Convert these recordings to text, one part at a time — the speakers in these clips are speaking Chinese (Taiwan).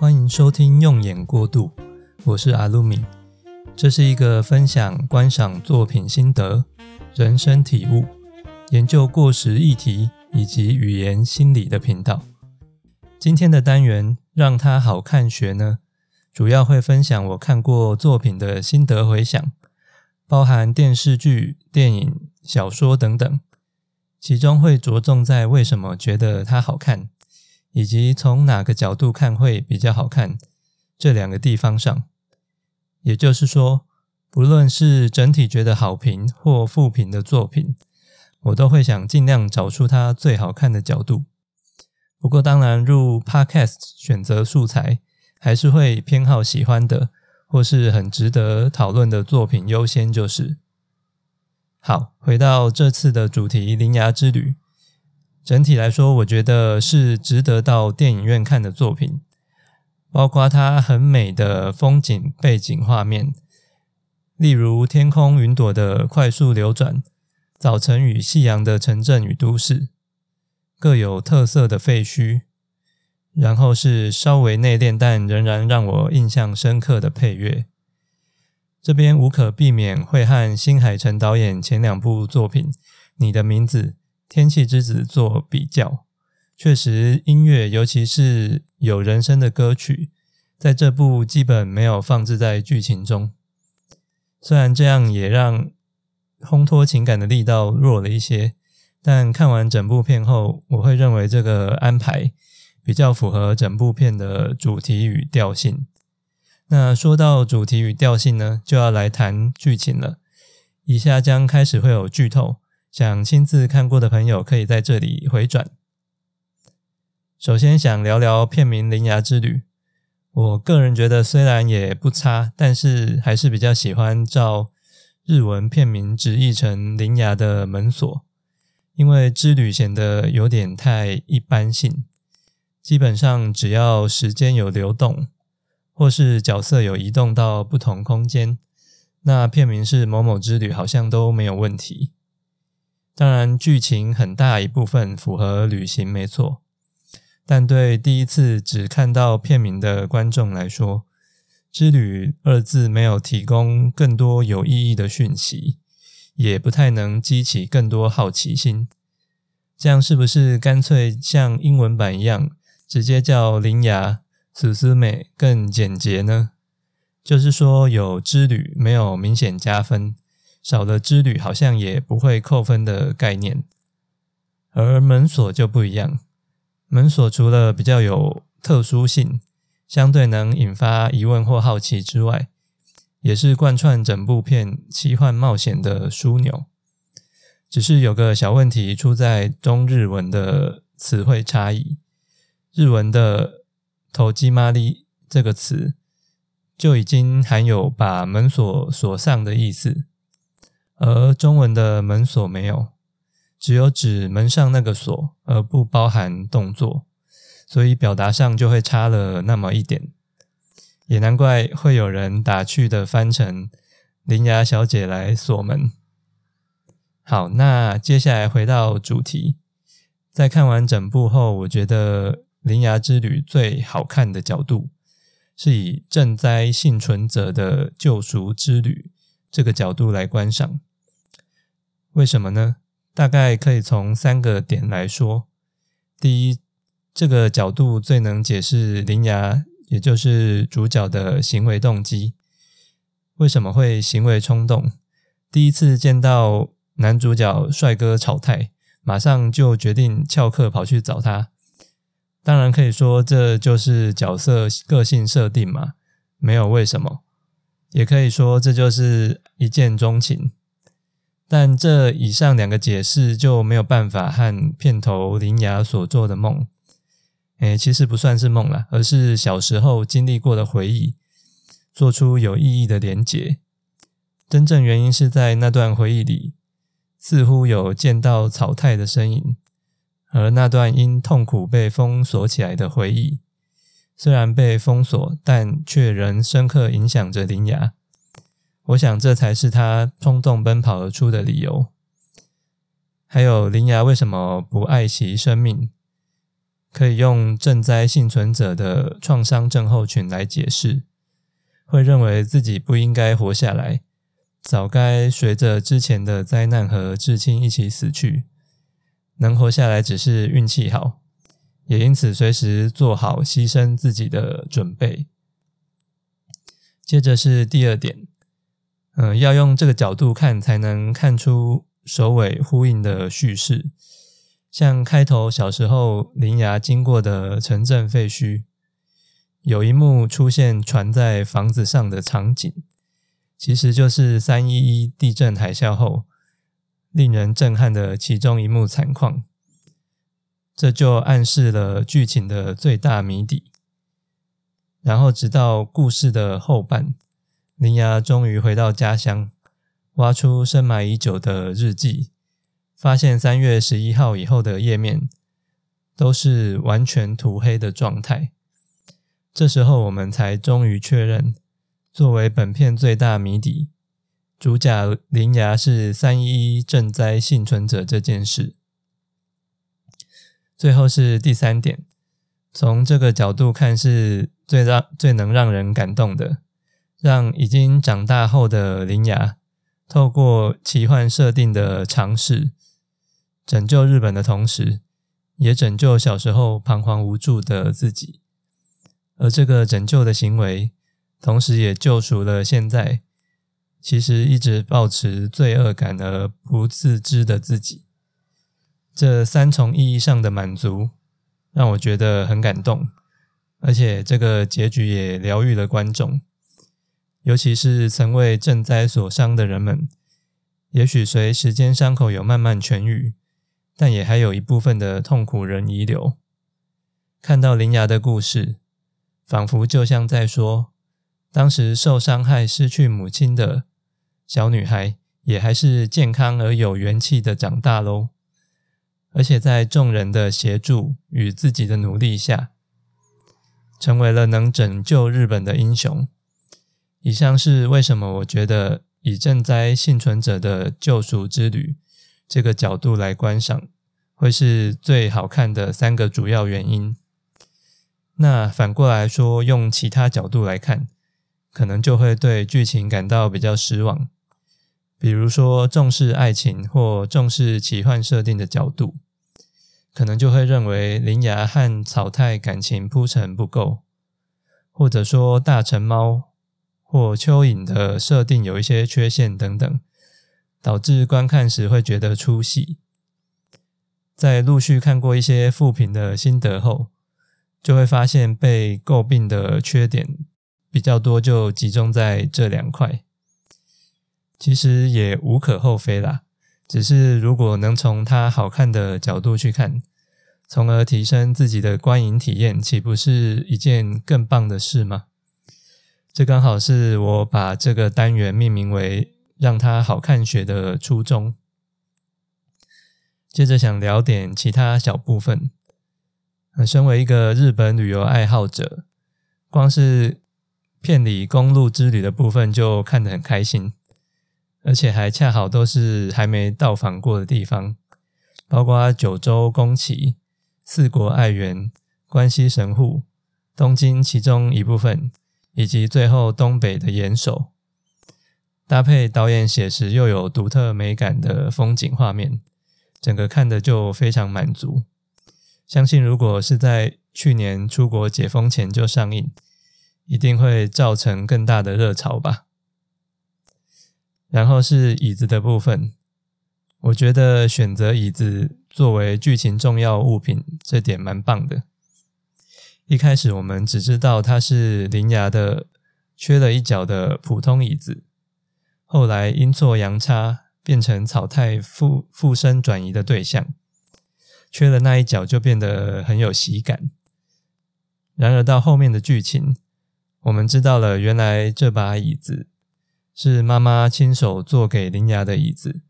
歡迎收聽《用眼過度》，我是阿魯米。這是一個分享觀賞作品心得、人生體悟、研究過時議題以及語言心理的頻道。今天的單元讓它好看學呢，主要會分享我看過作品的心得迴響，包含電視劇、電影、小說等等，其中會着重在為什麼覺得它好看。以及從哪個角度看會比較好看，這兩個地方上，也就是說，不論是整體覺得好評或負評的作品，我都會想盡量找出它最好看的角度。不過，當然入 Podcast 選擇素材，還是會偏好喜歡的或是很值得討論的作品優先，就是。好，回到這次的主題——鈴芽之旅。整體來說，我覺得是值得到電影院看的作品，包括它很美的風景背景畫面，例如天空雲朵的快速流轉，早晨與夕陽的城鎮與都市，各有特色的廢墟，然後是稍微內斂但仍然讓我印象深刻的配樂。這邊無可避免會和新海誠導演前兩部作品《你的名字》、《天氣之子》做比較，確實音樂，尤其是有人聲的歌曲，在這部基本沒有放置在劇情中。雖然這樣也讓烘托情感的力道弱了一些，但看完整部片後，我會認為這個安排比較符合整部片的主題與調性。那說到主題與調性呢，就要來談劇情了。以下將開始會有劇透。想親自看過的朋友可以在這裡回轉。首先想聊聊片名《鈴芽之旅》，我個人覺得雖然也不差，但是還是比較喜歡照日文片名直譯成“鈴芽的門鎖”，因為“之旅”顯得有點太一般性。基本上，只要時間有流動，或是角色有移動到不同空間，那片名是某某之旅，好像都沒有問題。當然，劇情很大一部分符合旅行沒錯，但對第一次只看到片名的觀眾來說，“之旅”二字沒有提供更多有意義的訊息，也不太能激起更多好奇心。這樣是不是乾脆像英文版一樣，直接叫《鈴芽》Suzume 更簡潔呢？就是說，有“之旅”沒有明顯加分。少了之旅好像也不會扣分的概念，而門鎖就不一樣。門鎖除了比較有特殊性，相對能引發疑問或好奇之外，也是貫穿整部片奇幻冒險的樞紐。只是有個小問題出在中日文的詞彙差異。日文的“戸締まり”這個詞就已經含有把門鎖鎖上的意思。而中文的門鎖沒有，只有指門上那個鎖，而不包含動作，所以表達上就會差了那麼一點。也難怪會有人打趣的翻成“鈴芽小姐來鎖門”。好，那接下來回到主題，在看完整部後，我覺得《鈴芽之旅》最好看的角度是以賑災倖存者的救贖之旅。這個角度來觀賞，為什麼呢？大概可以從三個點來說。第一，這個角度最能解釋鈴芽，也就是主角的行為動機，為什麼會行為衝動？第一次見到男主角帥哥草太，馬上就決定翹課跑去找他。當然可以說這就是角色個性設定嘛，沒有為什麼。也可以說這就是一見鍾情，但這以上兩個解釋就沒有辦法和片頭鈴芽所做的夢，誒、欸，其實不算是夢啦，而是小時候經歷過的回憶，做出有意義的連結。真正原因是在那段回憶裡，似乎有見到草太的身影，而那段因痛苦被封鎖起來的回憶。雖然被封鎖，但卻仍深刻影響着鈴芽。我想，這才是她衝動奔跑而出的理由。還有，鈴芽為什麼不愛惜生命？可以用震災倖存者的創傷症候群來解釋：會認為自己不應該活下來，早該隨着之前的災難和至親一起死去。能活下來只是運氣好。也因此，隨時做好犧牲自己的準備。接着是第二點、呃，嗯，要用這個角度看，才能看出首尾呼應的敘事。像開頭小時候鈴芽經過的城鎮廢墟，有一幕出現船在房子上的場景，其實就是三一一地震海嘯後令人震撼的其中一幕慘況。這就暗示了劇情的最大謎底。然後，直到故事的後半，鈴芽終於回到家鄉，挖出深埋已久的日記，發現三月十一號以後的頁面都是完全塗黑的狀態。這時候，我們才終於確認，作為本片最大謎底，主角鈴芽是三一一震災倖存者這件事。最後是第三點，從這個角度看，是最讓最能讓人感動的，讓已經長大後的鈴芽透過奇幻設定的嘗試，拯救日本的同時，也拯救小時候彷徨無助的自己，而這個拯救的行為，同時也救贖了現在其實一直抱持罪惡感而不自知的自己。這三重意義上的滿足讓我覺得很感動，而且這個結局也療癒了觀眾，尤其是曾為震災所傷的人們。也許隨時間傷口有慢慢痊癒，但也還有一部分的痛苦仍遺留。看到鈴芽的故事，仿佛就像在說，當時受傷害、失去母親的小女孩，也還是健康而有元氣的長大嘍。而且在眾人的協助與自己的努力下，成為了能拯救日本的英雄。以上是為什麼我覺得以震災幸存者的救贖之旅這個角度來觀賞會是最好看的三個主要原因。那反過來說，用其他角度來看，可能就會對劇情感到比較失望。比如說重視愛情或重視奇幻設定的角度。可能就會認為鈴芽和草太感情鋪陳不夠，或者說大臣貓或蚯蚓的設定有一些缺陷等等，導致觀看時會覺得出戲。在陸續看過一些負評的心得後，就會發現被詬病的缺點比較多，就集中在這兩塊。其實也無可厚非啦。只是，如果能從它好看的角度去看，從而提升自己的觀影體驗，豈不是一件更棒的事嗎？這剛好是我把這個單元命名為“讓它好看學”的初衷。接着想聊點其他小部分。身為一個日本旅遊愛好者，光是片裡公路之旅的部分就看得很開心。而且還恰好都是還沒到訪過的地方，包括九州宮崎、四國愛媛、關西神戶、東京其中一部分，以及最後東北的岩手，搭配導演寫實又有獨特美感的風景畫面，整個看的就非常滿足。相信如果是在去年出國解封前就上映，一定會造成更大的熱潮吧。然後是椅子的部分，我覺得選擇椅子作為劇情重要物品這點蠻棒的。一開始我們只知道它是鈴芽的，缺了一角的普通椅子，後來陰錯陽差變成草太附附身轉移的對象，缺了那一角就變得很有喜感。然而到後面的劇情，我們知道了原來這把椅子。是媽媽親手做給鈴芽的椅子，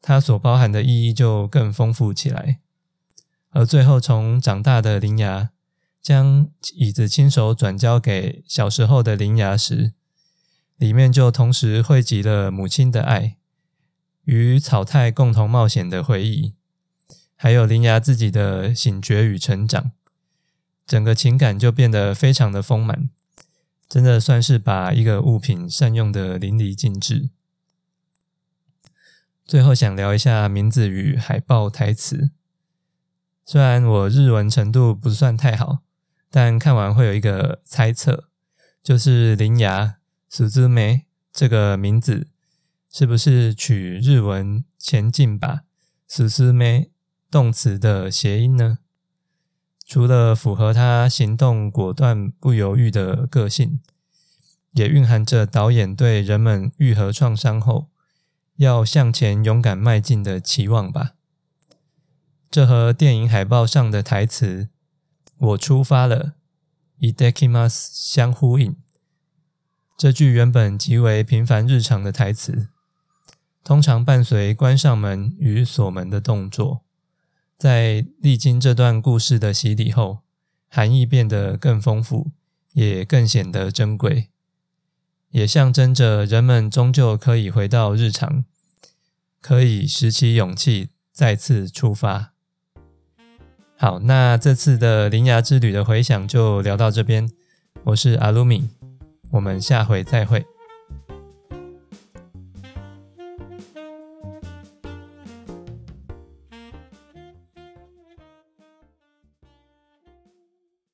它所包含的意義就更豐富起來。而最後從長大的鈴芽將椅子親手轉交給小時候的鈴芽時，裡面就同時匯集了母親的愛、與草太共同冒險的回憶，還有鈴芽自己的醒覺與成長，整個情感就變得非常的豐滿。真的算是把一個物品善用的淋漓盡致。最後想聊一下名字與海報台詞。雖然我日文程度不算太好，但看完會有一個猜測，就是芽“鈴芽スズメ”這個名字是不是取日文“前進吧スズメ”動詞的諧音呢？除了符合他行動果斷、不猶豫的個性，也蘊含着導演對人們愈合創傷後要向前勇敢邁進的期望吧。這和電影海報上的台詞“我出發了 i d e k y mas） 相呼應。這句原本極為平凡日常的台詞，通常伴隨關上門與鎖門的動作。在歷經這段故事的洗禮後，含義變得更豐富，也更顯得珍貴，也象徵着人們終究可以回到日常，可以拾起勇氣，再次出發。好，那這次的鈴芽之旅的回響就聊到這邊，我是阿魯米，我們下回再會。